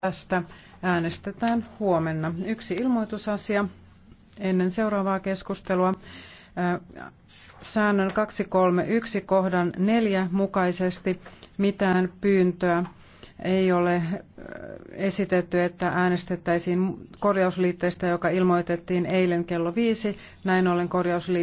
Tästä äänestetään huomenna. Yksi ilmoitusasia ennen seuraavaa keskustelua. Säännön 231 kohdan 4 mukaisesti mitään pyyntöä ei ole esitetty, että äänestettäisiin korjausliitteestä, joka ilmoitettiin eilen kello 5. Näin ollen korjausliitteestä.